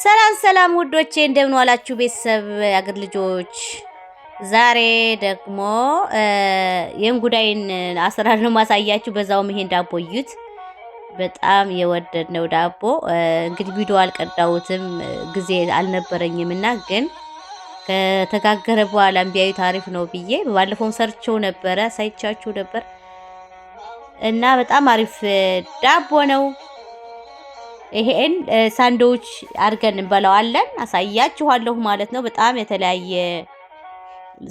ሰላም ሰላም ውዶቼ እንደምን ዋላችሁ? ቤተሰብ አገር ልጆች፣ ዛሬ ደግሞ የእንጉዳይን አሰራር ነው ማሳያችሁ። በዛውም ይሄን ዳቦ እዩት፣ በጣም የወደድነው ዳቦ። እንግዲህ ቪዲዮ አልቀዳሁትም ጊዜ አልነበረኝም እና ግን ከተጋገረ በኋላ ቢያዩት አሪፍ ነው ብዬ ባለፈውም ሰርቸው ነበረ፣ ሳይቻችሁ ነበር እና በጣም አሪፍ ዳቦ ነው። ይሄን ሳንድዊች አድርገን እንበላዋለን። አሳያችኋለሁ ማለት ነው። በጣም የተለያየ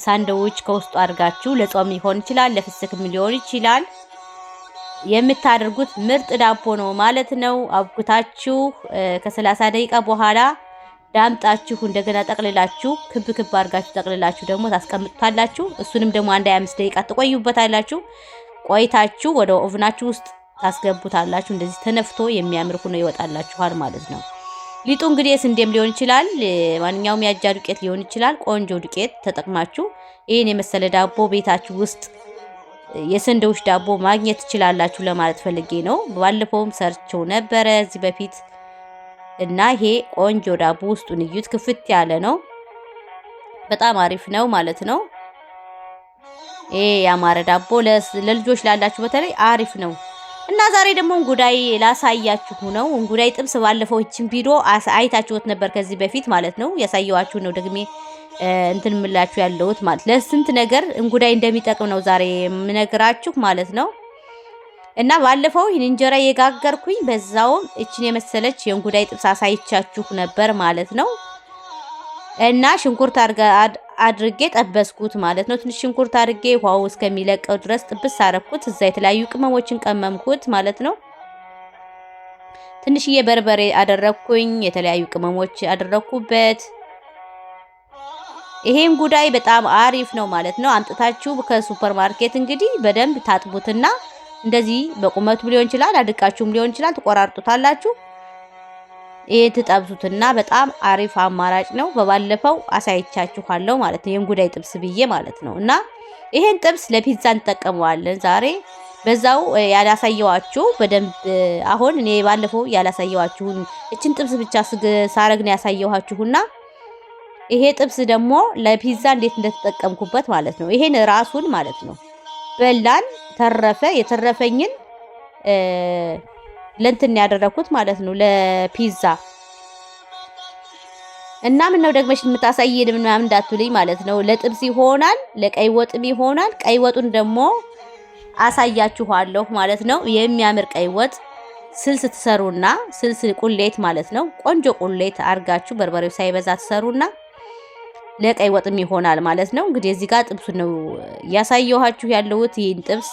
ሳንድዊች ከውስጡ አድርጋችሁ ለጾም ሊሆን ይችላል፣ ለፍስክም ሊሆን ይችላል። የምታደርጉት ምርጥ ዳቦ ነው ማለት ነው። አብኩታችሁ ከሰላሳ ደቂቃ በኋላ ዳምጣችሁ እንደገና ጠቅልላችሁ ክብ ክብ አድርጋችሁ ጠቅልላችሁ ደግሞ ታስቀምጡታላችሁ። እሱንም ደግሞ አንድ አምስት ደቂቃ ትቆዩበታላችሁ። ቆይታችሁ ወደ ኦቭናችሁ ውስጥ ታስገቡታላችሁ። እንደዚህ ተነፍቶ የሚያምር ሆኖ ይወጣላችኋል ማለት ነው። ሊጡ እንግዲህ የስንዴም ሊሆን ይችላል፣ ማንኛውም የአጃ ዱቄት ሊሆን ይችላል። ቆንጆ ዱቄት ተጠቅማችሁ ይህን የመሰለ ዳቦ ቤታችሁ ውስጥ የስንዴዎች ዳቦ ማግኘት ትችላላችሁ ለማለት ፈልጌ ነው። ባለፈውም ሰርቸው ነበረ እዚህ በፊት እና ይሄ ቆንጆ ዳቦ ውስጡን እዩት፣ ክፍት ያለ ነው። በጣም አሪፍ ነው ማለት ነው። ይሄ ያማረ ዳቦ ለልጆች ላላችሁ በተለይ አሪፍ ነው። እና ዛሬ ደግሞ እንጉዳይ ላሳያችሁ ነው። እንጉዳይ ጥብስ ባለፈው ይችን ቪዲዮ አይታችሁት ነበር ከዚህ በፊት ማለት ነው። ያሳየዋችሁ ነው ደግሜ እንትን ምላችሁ ያለሁት ማለት ለስንት ነገር እንጉዳይ እንደሚጠቅም ነው ዛሬ የምነግራችሁ ማለት ነው። እና ባለፈው ይህን እንጀራ የጋገርኩኝ በዛውም እችን የመሰለች የእንጉዳይ ጥብስ አሳይቻችሁ ነበር ማለት ነው። እና ሽንኩርት አድርጌ ጠበስኩት ማለት ነው። ትንሽ ሽንኩርት አድርጌ ውሃው እስከሚለቀው ድረስ ጥብስ አረኩት። እዛ የተለያዩ ቅመሞችን ቀመምኩት ማለት ነው። ትንሽዬ በርበሬ አደረኩኝ፣ የተለያዩ ቅመሞች አደረኩበት። ይሄም ጉዳይ በጣም አሪፍ ነው ማለት ነው። አምጥታችሁ ከሱፐር ማርኬት እንግዲህ በደንብ ታጥቡትና እንደዚህ በቁመቱ ሊሆን ይችላል፣ አድቃችሁም ሊሆን ይችላል፣ ትቆራርጡታላችሁ የትጠብሱትና በጣም አሪፍ አማራጭ ነው። በባለፈው አሳይቻችኋለሁ ማለት ነው፣ የእንጉዳይ ጥብስ ብዬ ማለት ነው። እና ይሄን ጥብስ ለፒዛ እንጠቀመዋለን ዛሬ በዛው ያላሳየዋችሁ በደንብ አሁን እኔ ባለፈው ያላሳየዋችሁን እችን ጥብስ ብቻ ሳረግ ነው ያሳየኋችሁና ይሄ ጥብስ ደግሞ ለፒዛ እንዴት እንደተጠቀምኩበት ማለት ነው። ይሄን ራሱን ማለት ነው በላን ተረፈ የተረፈኝን ለእንትን ያደረኩት ማለት ነው ለፒዛ እና ምን ነው ደግመሽ የምታሳይን ምናምን እንዳትልኝ ማለት ነው። ለጥብስ ይሆናል፣ ለቀይ ወጥም ይሆናል። ቀይ ወጡን ደግሞ አሳያችኋለሁ ማለት ነው። የሚያምር ቀይ ወጥ ስልስ ትሰሩና ስልስ ቁሌት ማለት ነው። ቆንጆ ቁሌት አርጋችሁ በርበሬው ሳይበዛ ትሰሩና ለቀይ ወጥም ይሆናል ማለት ነው። እንግዲህ እዚህ ጋር ጥብሱ ነው ያሳየኋችሁ ያለሁት ይህን ጥብስ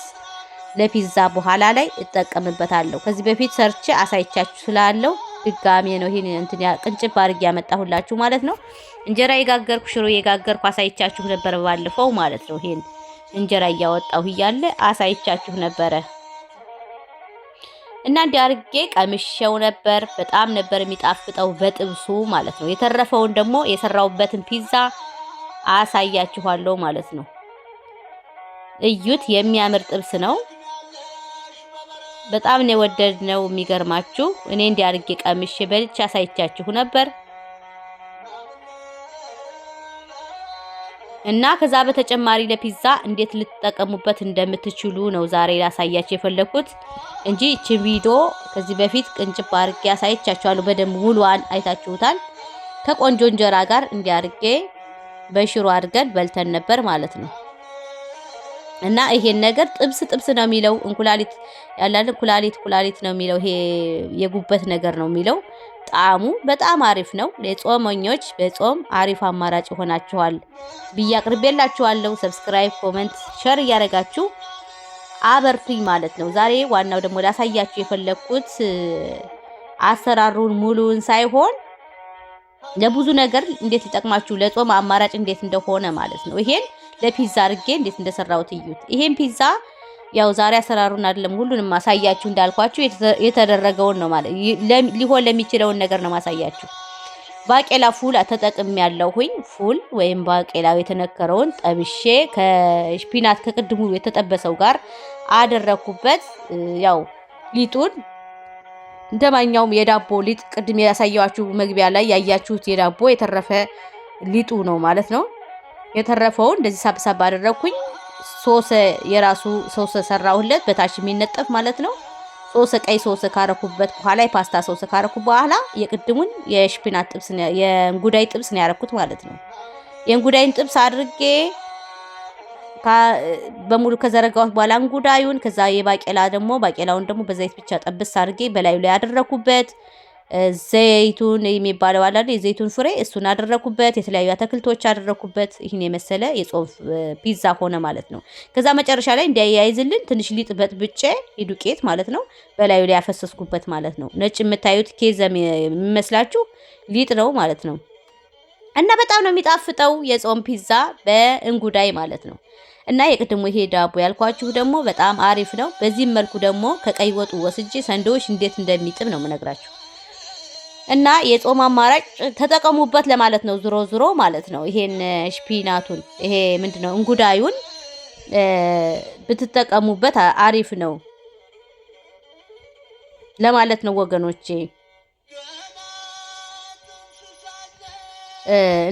ለፒዛ በኋላ ላይ እጠቀምበታለሁ። ከዚህ በፊት ሰርቼ አሳይቻችሁ ስላለው ድጋሜ ነው ይሄን እንትን ቅንጭብ አድርጌ ያመጣሁላችሁ ማለት ነው። እንጀራ የጋገርኩ ሽሮ የጋገርኩ አሳይቻችሁ ነበረ ባለፈው ማለት ነው። ይሄን እንጀራ እያወጣሁ እያለ አሳይቻችሁ ነበረ እና እንዲህ አድርጌ ቀምሼው ነበር። በጣም ነበር የሚጣፍጠው በጥብሱ ማለት ነው። የተረፈውን ደግሞ የሰራውበትን ፒዛ አሳያችኋለሁ ማለት ነው። እዩት፣ የሚያምር ጥብስ ነው። በጣም ነው የወደድነው። የሚገርማችሁ እኔ እንዲህ አድርጌ ቀምሼ በልቼ አሳይቻችሁ ነበር እና ከዛ በተጨማሪ ለፒዛ እንዴት ልትጠቀሙበት እንደምትችሉ ነው ዛሬ ላሳያችሁ የፈለኩት እንጂ እቺ ቪዲዮ ከዚህ በፊት ቅንጭብ አድርጌ አሳይቻችኋለሁ። በደንብ ሙሉዋን አይታችሁታል። ከቆንጆ እንጀራ ጋር እንዲህ በሽሮ አድርገን በልተን ነበር ማለት ነው። እና ይሄን ነገር ጥብስ ጥብስ ነው የሚለው። እንኩላሊት ያላል ኩላሊት ኩላሊት ነው የሚለው። ይሄ የጉበት ነገር ነው የሚለው። ጣዕሙ በጣም አሪፍ ነው። ለጾመኞች በጾም አሪፍ አማራጭ ይሆናችኋል ብዬ አቅርቤላችኋለሁ። ሰብስክራይብ፣ ኮመንት፣ ሸር እያደረጋችሁ አበርቱኝ ማለት ነው። ዛሬ ዋናው ደግሞ ላሳያችሁ የፈለግኩት አሰራሩን ሙሉውን ሳይሆን ለብዙ ነገር እንዴት ሊጠቅማችሁ ለጾም አማራጭ እንዴት እንደሆነ ማለት ነው ይሄን ለፒዛ አድርጌ እንዴት እንደሰራሁት እዩት። ይሄን ፒዛ ያው ዛሬ አሰራሩን አይደለም ሁሉንም ማሳያችሁ እንዳልኳችሁ የተደረገውን ነው ማለት ሊሆን ለሚችለውን ነገር ነው ማሳያችሁ። ባቄላ ፉል ተጠቅም ያለሁኝ ፉል ወይም ባቄላው የተነከረውን ጠብሼ ከሽፒናት ከቅድሙ የተጠበሰው ጋር አደረኩበት። ያው ሊጡን እንደማኛውም የዳቦ ሊጥ ቅድም ያሳየዋችሁ መግቢያ ላይ ያያችሁት የዳቦ የተረፈ ሊጡ ነው ማለት ነው። የተረፈውን እንደዚህ ሳብሳብ አደረግኩኝ። ሶሰ የራሱ ሶሰ ሰራሁለት በታች የሚነጠፍ ማለት ነው። ሶሰ ቀይ ሶሰ ካረኩበት በኋላ የፓስታ ሶሰ ካረኩ በኋላ የቅድሙን የሽፒናት ጥብስ የእንጉዳይ ጥብስ ነው ያረኩት ማለት ነው። የእንጉዳይን ጥብስ አድርጌ በሙሉ ከዘረጋሁት በኋላ እንጉዳዩን ከዛ የባቄላ ደግሞ ባቄላውን ደግሞ በዘይት ብቻ ጠብስ አድርጌ በላዩ ላይ ያደረኩበት ዘይቱን የሚባለው አላለ የዘይቱን ፍሬ እሱን አደረኩበት። የተለያዩ አትክልቶች አደረኩበት። ይህን የመሰለ የጾም ፒዛ ሆነ ማለት ነው። ከዛ መጨረሻ ላይ እንዲያያይዝልን ትንሽ ሊጥ በጥብጬ ዱቄት ማለት ነው በላዩ ላይ ያፈሰስኩበት ማለት ነው። ነጭ የምታዩት ኬዘም የሚመስላችሁ ሊጥ ነው ማለት ነው። እና በጣም ነው የሚጣፍጠው የጾም ፒዛ በእንጉዳይ ማለት ነው። እና የቅድሞ ይሄ ዳቦ ያልኳችሁ ደግሞ በጣም አሪፍ ነው። በዚህም መልኩ ደግሞ ከቀይ ወጡ ወስጄ ሰንዶች እንዴት እንደሚጥብ ነው የምነግራችሁ። እና የጾም አማራጭ ተጠቀሙበት ለማለት ነው። ዝሮ ዝሮ ማለት ነው ይሄን ሽፒናቱን ይሄ ምንድነው እንጉዳዩን ብትጠቀሙበት አሪፍ ነው ለማለት ነው ወገኖቼ።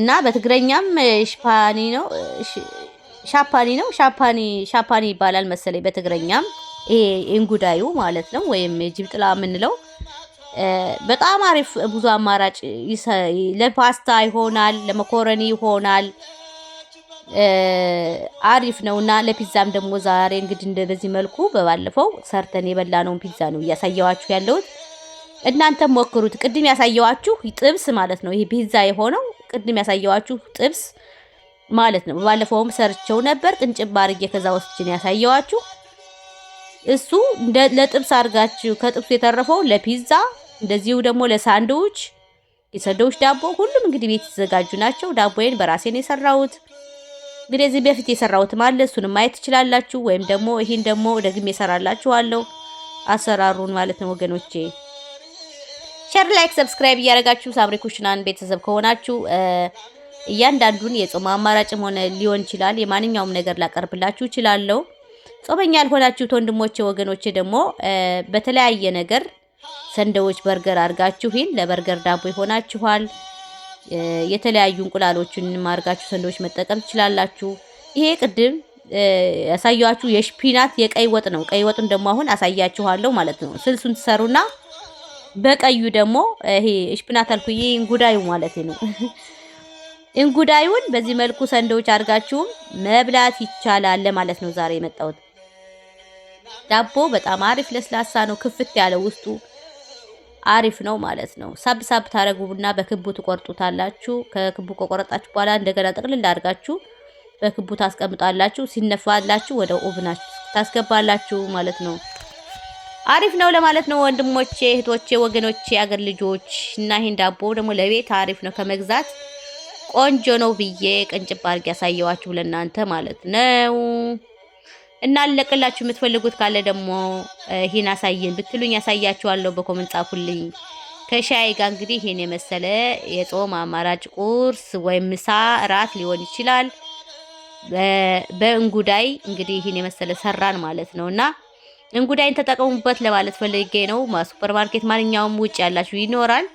እና በትግረኛም ሽፓኒ ነው ሻፓኒ ነው ሻፓኒ ሻፓኒ ይባላል መሰለኝ በትግረኛም ይሄ እንጉዳዩ ማለት ነው ወይም ጅብጥላ የምንለው በጣም አሪፍ ብዙ አማራጭ ለፓስታ ይሆናል፣ ለመኮረኒ ይሆናል። አሪፍ ነው እና ለፒዛም ደግሞ ዛሬ እንግዲህ እንደዚህ መልኩ በባለፈው ሰርተን የበላነውን ፒዛ ነው እያሳየዋችሁ ያለሁት። እናንተም ሞክሩት። ቅድም ያሳየዋችሁ ጥብስ ማለት ነው። ይሄ ፒዛ የሆነው ቅድም ያሳየዋችሁ ጥብስ ማለት ነው። በባለፈውም ሰርቸው ነበር ቅንጭብ አድርጌ ከዛ ውስጥችን ያሳየዋችሁ እሱ ለጥብስ አድርጋችሁ ከጥብሱ የተረፈው ለፒዛ እንደዚሁ ደግሞ ለሳንዶች የሳንድዊች ዳቦ ሁሉም እንግዲህ ቤት የተዘጋጁ ናቸው። ዳቦዬን በራሴን የሰራሁት እንግዲህ እዚህ በፊት የሰራሁትም አለ እሱንም ማየት ትችላላችሁ። ወይም ደግሞ ይህን ደግሞ ደግሜ እሰራላችኋለሁ አሰራሩን ማለት ነው ወገኖቼ። ሸር፣ ላይክ፣ ሰብስክራይብ እያደረጋችሁ ሳምሪ ኩሽናን ቤተሰብ ከሆናችሁ እያንዳንዱን የጾም አማራጭም ሆነ ሊሆን ይችላል የማንኛውም ነገር ላቀርብላችሁ እችላለሁ። ጾመኛ ያልሆናችሁት ወንድሞቼ ወገኖቼ ደግሞ በተለያየ ነገር ሰንደዎች በርገር አድርጋችሁ ይህን ለበርገር ዳቦ ይሆናችኋል። የተለያዩ እንቁላሎችን አድርጋችሁ ሰንደዎች መጠቀም ትችላላችሁ። ይሄ ቅድም ያሳያችሁ የሽፒናት የቀይ ወጥ ነው። ቀይ ወጡን ደግሞ አሁን አሳያችኋለሁ ማለት ነው። ስልሱን ትሰሩና በቀዩ ደግሞ ይሄ ሽፒናት አልኩዬ እንጉዳዩ ማለት ነው። እንጉዳዩን በዚህ መልኩ ሰንደዎች አድርጋችሁም መብላት ይቻላል ለማለት ነው ዛሬ የመጣሁት። ዳቦ በጣም አሪፍ ለስላሳ ነው፣ ክፍት ያለው ውስጡ አሪፍ ነው ማለት ነው። ሳብ ሳብ ታረጉና በክቡ ትቆርጡታላችሁ። ከክቡ ከቆረጣችሁ በኋላ እንደገና ጥቅልል አድርጋችሁ በክቡ ታስቀምጣላችሁ። ሲነፋላችሁ ወደ ኦብናችሁ ታስገባላችሁ ማለት ነው። አሪፍ ነው ለማለት ነው። ወንድሞቼ፣ እህቶቼ፣ ወገኖቼ፣ አገር ልጆች እና ይሄን ዳቦ ደግሞ ለቤት አሪፍ ነው ከመግዛት ቆንጆ ነው ብዬ ቅንጭብ አድርጌ ያሳየዋችሁ ለእናንተ ማለት ነው። እና አለቅላችሁ የምትፈልጉት ካለ ደግሞ ይሄን አሳየን ብትሉኝ ያሳያችኋለሁ። በኮመንት ጻፉልኝ። ከሻይ ጋር እንግዲህ ይሄን የመሰለ የጾም አማራጭ ቁርስ ወይም ምሳ፣ እራት ሊሆን ይችላል። በእንጉዳይ እንግዲህ ይሄን የመሰለ ሰራን ማለት ነውና እንጉዳይን ተጠቀሙበት ለማለት ፈልጌ ነው። ሱፐር ማርኬት ማንኛውም ውጭ ያላችሁ ይኖራል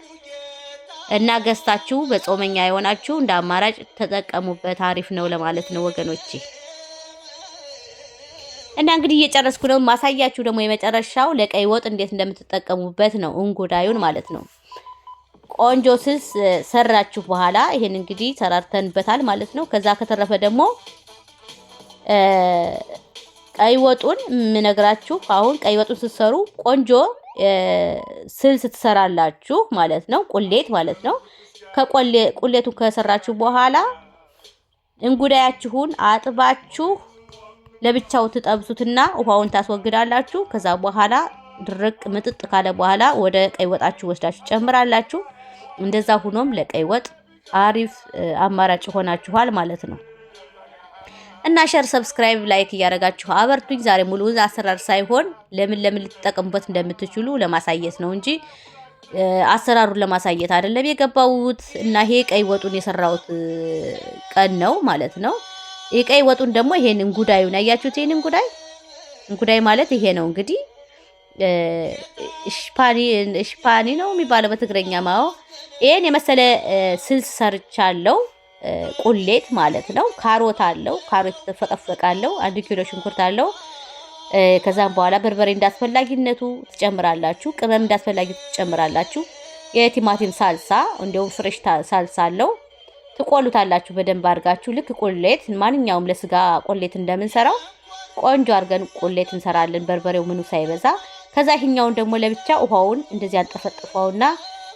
እና ገዝታችሁ በጾመኛ የሆናችሁ እንደ አማራጭ ተጠቀሙበት። አሪፍ ነው ለማለት ነው ወገኖቼ። እና እንግዲህ እየጨረስኩ ነው ማሳያችሁ። ደግሞ የመጨረሻው ለቀይ ወጥ እንዴት እንደምትጠቀሙበት ነው፣ እንጉዳዩን ማለት ነው። ቆንጆ ስልስ ሰራችሁ በኋላ ይሄን እንግዲህ ሰራርተንበታል ማለት ነው። ከዛ ከተረፈ ደግሞ ቀይ ወጡን የምነግራችሁ አሁን ቀይ ወጡን ስትሰሩ ቆንጆ ስልስ ትሰራላችሁ ማለት ነው፣ ቁሌት ማለት ነው። ከቁሌቱን ከሰራችሁ በኋላ እንጉዳያችሁን አጥባችሁ ለብቻው ትጠብሱትና ውሃውን ታስወግዳላችሁ። ከዛ በኋላ ድርቅ ምጥጥ ካለ በኋላ ወደ ቀይ ወጣችሁ ወስዳችሁ ጨምራላችሁ። እንደዛ ሁኖም ለቀይ ወጥ አሪፍ አማራጭ ሆናችኋል ማለት ነው። እና ሸር፣ ሰብስክራይብ፣ ላይክ እያደረጋችሁ አበርቱኝ። ዛሬ ሙሉ አሰራር ሳይሆን ለምን ለምን ልትጠቀሙበት እንደምትችሉ ለማሳየት ነው እንጂ አሰራሩን ለማሳየት አይደለም የገባሁት። እና ይሄ ቀይ ወጡን የሰራሁት ቀን ነው ማለት ነው። የቀይ ወጡን ደግሞ ይሄን እንጉዳዩን አያችሁት? ይሄን እንጉዳይ እንጉዳይ ማለት ይሄ ነው እንግዲህ እሽፓኒ እሽፓኒ ነው የሚባለው በትግረኛ ማው። ይሄን የመሰለ ስልስ ሰርቻለሁ። ቁሌት ማለት ነው። ካሮት አለው፣ ካሮት ተፈቀፈቀ አንድ ኪሎ ሽንኩርት አለው። ከዛም በኋላ በርበሬ እንዳስፈላጊነቱ ትጨምራላችሁ፣ ቅመም እንዳስፈላጊነቱ ትጨምራላችሁ። የቲማቲም ሳልሳ እንዲሁም ፍሬሽ ሳልሳ አለው። ትቆሉታላችሁ በደንብ አድርጋችሁ ልክ ቁሌት ማንኛውም ለስጋ ቁሌት እንደምንሰራው ቆንጆ አድርገን ቁሌት እንሰራለን። በርበሬው ምኑ ሳይበዛ። ከዛ ይህኛውን ደግሞ ለብቻ ውሃውን እንደዚህ አንጠፈጥፈውና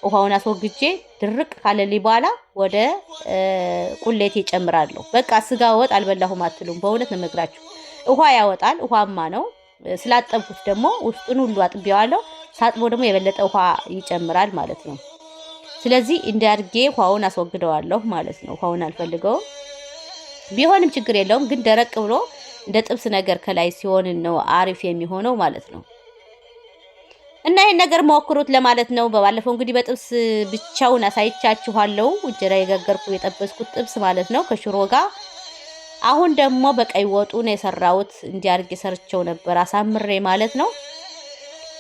ውሃውን አስወግጄ ድርቅ ካለልኝ በኋላ ወደ ቁሌት ይጨምራለሁ። በቃ ስጋ ወጥ አልበላሁም አትሉም። በእውነት ነው የምነግራችሁ። ውሃ ያወጣል። ውሃማ ነው። ስላጠብኩት ደግሞ ውስጡን ሁሉ አጥቤዋለሁ። ሳጥቦ ደግሞ የበለጠ ውሃ ይጨምራል ማለት ነው። ስለዚህ እንዳርጌ ውሃውን አስወግደዋለሁ ማለት ነው። ውሃውን አልፈልገውም። ቢሆንም ችግር የለውም ግን ደረቅ ብሎ እንደ ጥብስ ነገር ከላይ ሲሆን ነው አሪፍ የሚሆነው ማለት ነው። እና ይህን ነገር ሞክሩት ለማለት ነው። በባለፈው እንግዲህ በጥብስ ብቻውን አሳይቻችኋለሁ። እንጀራ የጋገርኩ የጠበስኩት ጥብስ ማለት ነው ከሽሮ ጋር። አሁን ደግሞ በቀይ ወጡ ነው የሰራሁት። እንዲያርግ ሰርቸው ነበር አሳምሬ ማለት ነው።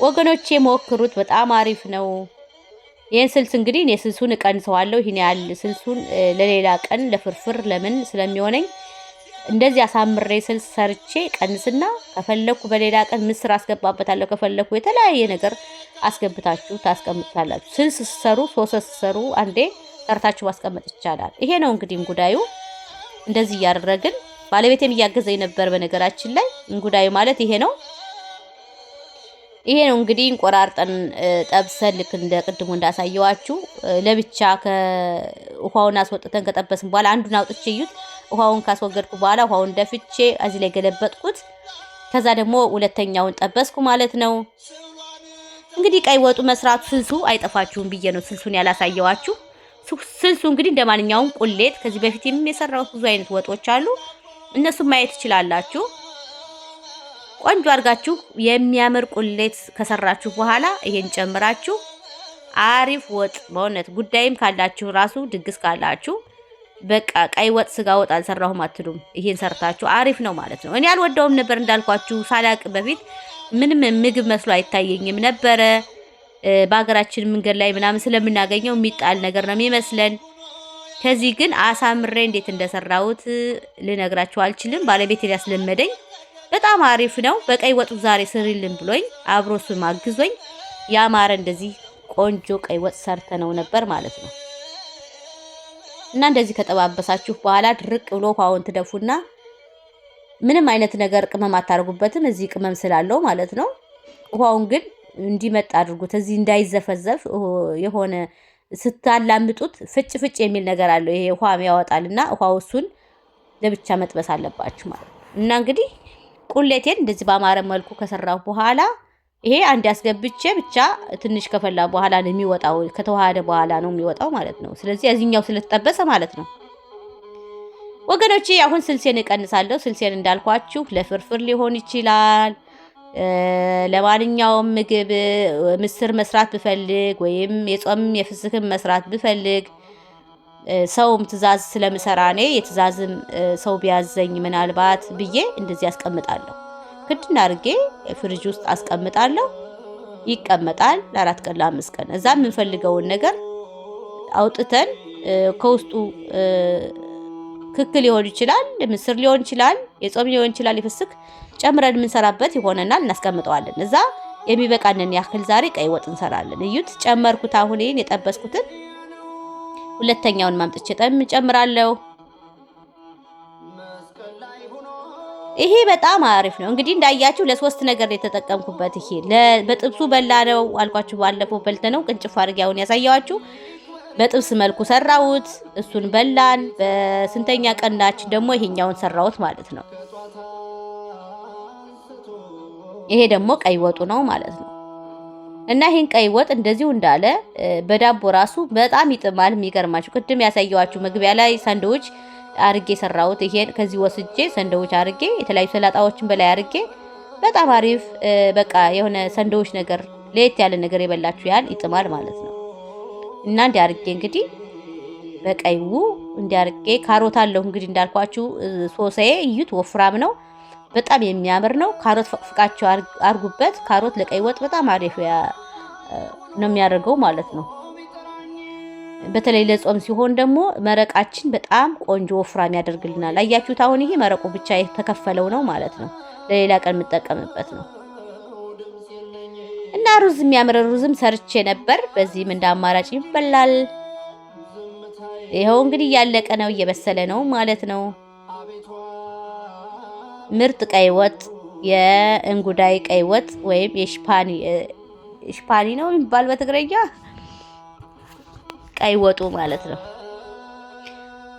ወገኖቼ ሞክሩት፣ በጣም አሪፍ ነው። ይህን ስልስ እንግዲህ እኔ ስልሱን እቀንሰዋለሁ። ይህን ያህል ስልሱን ለሌላ ቀን ለፍርፍር ለምን ስለሚሆነኝ እንደዚህ አሳምሬ ስልስ ሰርቼ ቀንስና ከፈለኩ በሌላ ቀን ምስር አስገባበታለሁ። ከፈለኩ የተለያየ ነገር አስገብታችሁ ታስቀምጣላችሁ። ስልስ ስሰሩ፣ ሶሰስ ስሰሩ አንዴ ሰርታችሁ ማስቀመጥ ይቻላል። ይሄ ነው እንግዲህ እንጉዳዩ እንደዚህ እያደረግን ባለቤቴም እያገዘኝ ነበር። በነገራችን ላይ እንጉዳዩ ማለት ይሄ ነው። ይሄ ነው እንግዲህ እንቆራርጠን ጠብሰን ልክ እንደ ቅድሙ እንዳሳየዋችሁ ለብቻ ውሃውን አስወጥተን ከጠበስን በኋላ አንዱን አውጥቼ እዩት። ውሃውን ካስወገድኩ በኋላ ውሃውን እንደፍቼ እዚህ ላይ ገለበጥኩት። ከዛ ደግሞ ሁለተኛውን ጠበስኩ ማለት ነው። እንግዲህ ቀይ ወጡ መስራት ስልሱ አይጠፋችሁም ብዬ ነው ስልሱን ያላሳየዋችሁ። ስልሱ እንግዲህ እንደ ማንኛውም ቁሌት ከዚህ በፊት የሚሰራው ብዙ አይነት ወጦች አሉ፣ እነሱም ማየት ትችላላችሁ። ቆንጆ አድርጋችሁ የሚያምር ቁሌት ከሰራችሁ በኋላ ይሄን ጨምራችሁ አሪፍ ወጥ በእውነት ጉዳይም ካላችሁ ራሱ ድግስ ካላችሁ በቃ ቀይ ወጥ ስጋ ወጥ አልሰራሁም አትሉም። ይሄን ሰርታችሁ አሪፍ ነው ማለት ነው። እኔ አልወደውም ነበር እንዳልኳችሁ ሳላቅ በፊት ምንም ምግብ መስሎ አይታየኝም ነበረ። በሀገራችን መንገድ ላይ ምናምን ስለምናገኘው የሚጣል ነገር ነው የሚመስለን። ከዚህ ግን አሳምሬ እንዴት እንደሰራሁት ልነግራችሁ አልችልም። ባለቤት ያስለመደኝ በጣም አሪፍ ነው። በቀይ ወጡ ዛሬ ስሪልን ብሎኝ አብሮ እሱም አግዞኝ ያማረ እንደዚህ ቆንጆ ቀይ ወጥ ሰርተ ነው ነበር ማለት ነው። እና እንደዚህ ከጠባበሳችሁ በኋላ ድርቅ ብሎ ውሃውን ትደፉና ምንም አይነት ነገር ቅመም አታርጉበትም። እዚህ ቅመም ስላለው ማለት ነው። ውሃውን ግን እንዲመጣ አድርጉት፣ እዚህ እንዳይዘፈዘፍ የሆነ ስታላምጡት ፍጭ ፍጭ የሚል ነገር አለው። ይሄ ውሃም ያወጣልና ውሃው እሱን ለብቻ መጥበስ አለባችሁ ማለት ነው እና እንግዲህ ቁሌቴን እንደዚህ በአማረ መልኩ ከሰራሁ በኋላ ይሄ አንድ አስገብቼ ብቻ ትንሽ ከፈላ በኋላ ነው የሚወጣው። ከተዋሃደ በኋላ ነው የሚወጣው ማለት ነው። ስለዚህ እዚህኛው ስለተጠበሰ ማለት ነው ወገኖች አሁን ስልሴን እቀንሳለሁ። ስልሴን እንዳልኳችሁ ለፍርፍር ሊሆን ይችላል። ለማንኛውም ምግብ ምስር መስራት ብፈልግ ወይም የጾም የፍስክም መስራት ብፈልግ ሰውም ትእዛዝ ስለምሰራ እኔ የትእዛዝም ሰው ቢያዘኝ ምናልባት ብዬ እንደዚህ አስቀምጣለሁ። ክድን አድርጌ ፍሪጅ ውስጥ አስቀምጣለሁ። ይቀመጣል ለአራት ቀን ለአምስት ቀን። እዛ የምንፈልገውን ነገር አውጥተን ከውስጡ ክክ ሊሆን ይችላል፣ ምስር ሊሆን ይችላል፣ የጾም ሊሆን ይችላል፣ የፍስክ ጨምረን የምንሰራበት ይሆነናል። እናስቀምጠዋለን እዛ የሚበቃንን ያክል ዛሬ ቀይ ወጥ እንሰራለን። እዩት፣ ጨመርኩት። አሁን ይህን የጠበስኩትን ሁለተኛውን ማምጥቼ ጠም ጨምራለሁ። ይሄ በጣም አሪፍ ነው። እንግዲህ እንዳያችሁ ለሶስት ነገር የተጠቀምኩበት ይሄ በጥብሱ በላ ነው አልኳችሁ። ባለፈው በልተ ነው ቅንጭፍ አድርጌ አሁን ያሳየዋችሁ በጥብስ መልኩ ሰራሁት። እሱን በላን። በስንተኛ ቀናችን ደግሞ ይሄኛውን ሰራሁት ማለት ነው። ይሄ ደግሞ ቀይ ወጡ ነው ማለት ነው። እና ይህን ቀይ ወጥ እንደዚሁ እንዳለ በዳቦ ራሱ በጣም ይጥማል። የሚገርማችሁ ቅድም ያሳየዋችሁ መግቢያ ላይ ሳንድዊች አርጌ ሰራሁት። ይሄን ከዚህ ወስጄ ሳንድዊች አርጌ የተለያዩ ሰላጣዎችን በላይ አርጌ በጣም አሪፍ በቃ የሆነ ሳንድዊች ነገር ለየት ያለ ነገር የበላችሁ ያህል ይጥማል ማለት ነው። እና እንዲህ አርጌ እንግዲህ በቀዩ እንዲ አርጌ ካሮት አለሁ እንግዲህ እንዳልኳችሁ ሶሳዬ እዩት፣ ወፍራም ነው። በጣም የሚያምር ነው። ካሮት ፍቃቸው አርጉበት። ካሮት ለቀይ ወጥ በጣም አሪፍ ነው የሚያደርገው ማለት ነው። በተለይ ለጾም ሲሆን ደግሞ መረቃችን በጣም ቆንጆ ወፍራም ያደርግልናል። አያችሁት? አሁን ይሄ መረቁ ብቻ የተከፈለው ነው ማለት ነው። ለሌላ ቀን የምጠቀምበት ነው እና ሩዝ የሚያምር ሩዝም ሰርቼ ነበር። በዚህም እንደ አማራጭ ይበላል። ይኸው እንግዲህ እያለቀ ነው፣ እየበሰለ ነው ማለት ነው። ምርጥ ቀይ ወጥ የእንጉዳይ ቀይ ወጥ ወይም የሽፓኒ ሽፓኒ ነው የሚባል በትግረኛ ቀይ ወጡ ማለት ነው።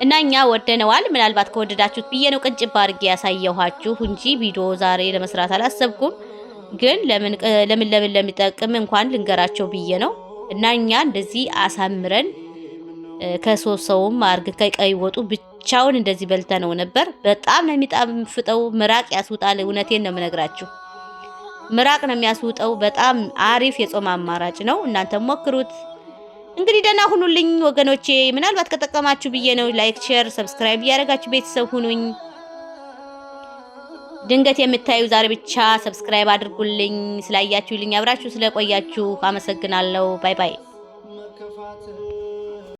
እና እኛ ወደነዋል። ምናልባት ከወደዳችሁት ብዬ ነው ቅንጭብ አድርጌ ያሳየኋችሁ እንጂ ቪዲዮ ዛሬ ለመስራት አላሰብኩም። ግን ለምን ለምን ለሚጠቅም እንኳን ልንገራቸው ብዬ ነው። እና እኛ እንደዚህ አሳምረን ከሶስት ሰውም አርግ ከቀይ ወጡ ብቻ ብቻውን እንደዚህ በልተ ነው ነበር። በጣም ነው የሚጣፍጠው። ምራቅ ያስውጣል። እውነቴን ነው የምነግራችሁ። ምራቅ ነው የሚያስውጠው። በጣም አሪፍ የጾም አማራጭ ነው። እናንተም ሞክሩት። እንግዲህ ደህና ሁኑልኝ ወገኖቼ። ምናልባት ከጠቀማችሁ ብዬ ነው። ላይክ፣ ሼር፣ ሰብስክራይብ እያደረጋችሁ ቤተሰብ ሁኑኝ። ድንገት የምታዩ ዛሬ ብቻ ሰብስክራይብ አድርጉልኝ። ስላያችሁልኝ፣ አብራችሁ ስለቆያችሁ አመሰግናለሁ። ባይ ባይ።